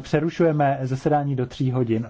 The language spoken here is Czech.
přerušujeme zasedání do tří hodin.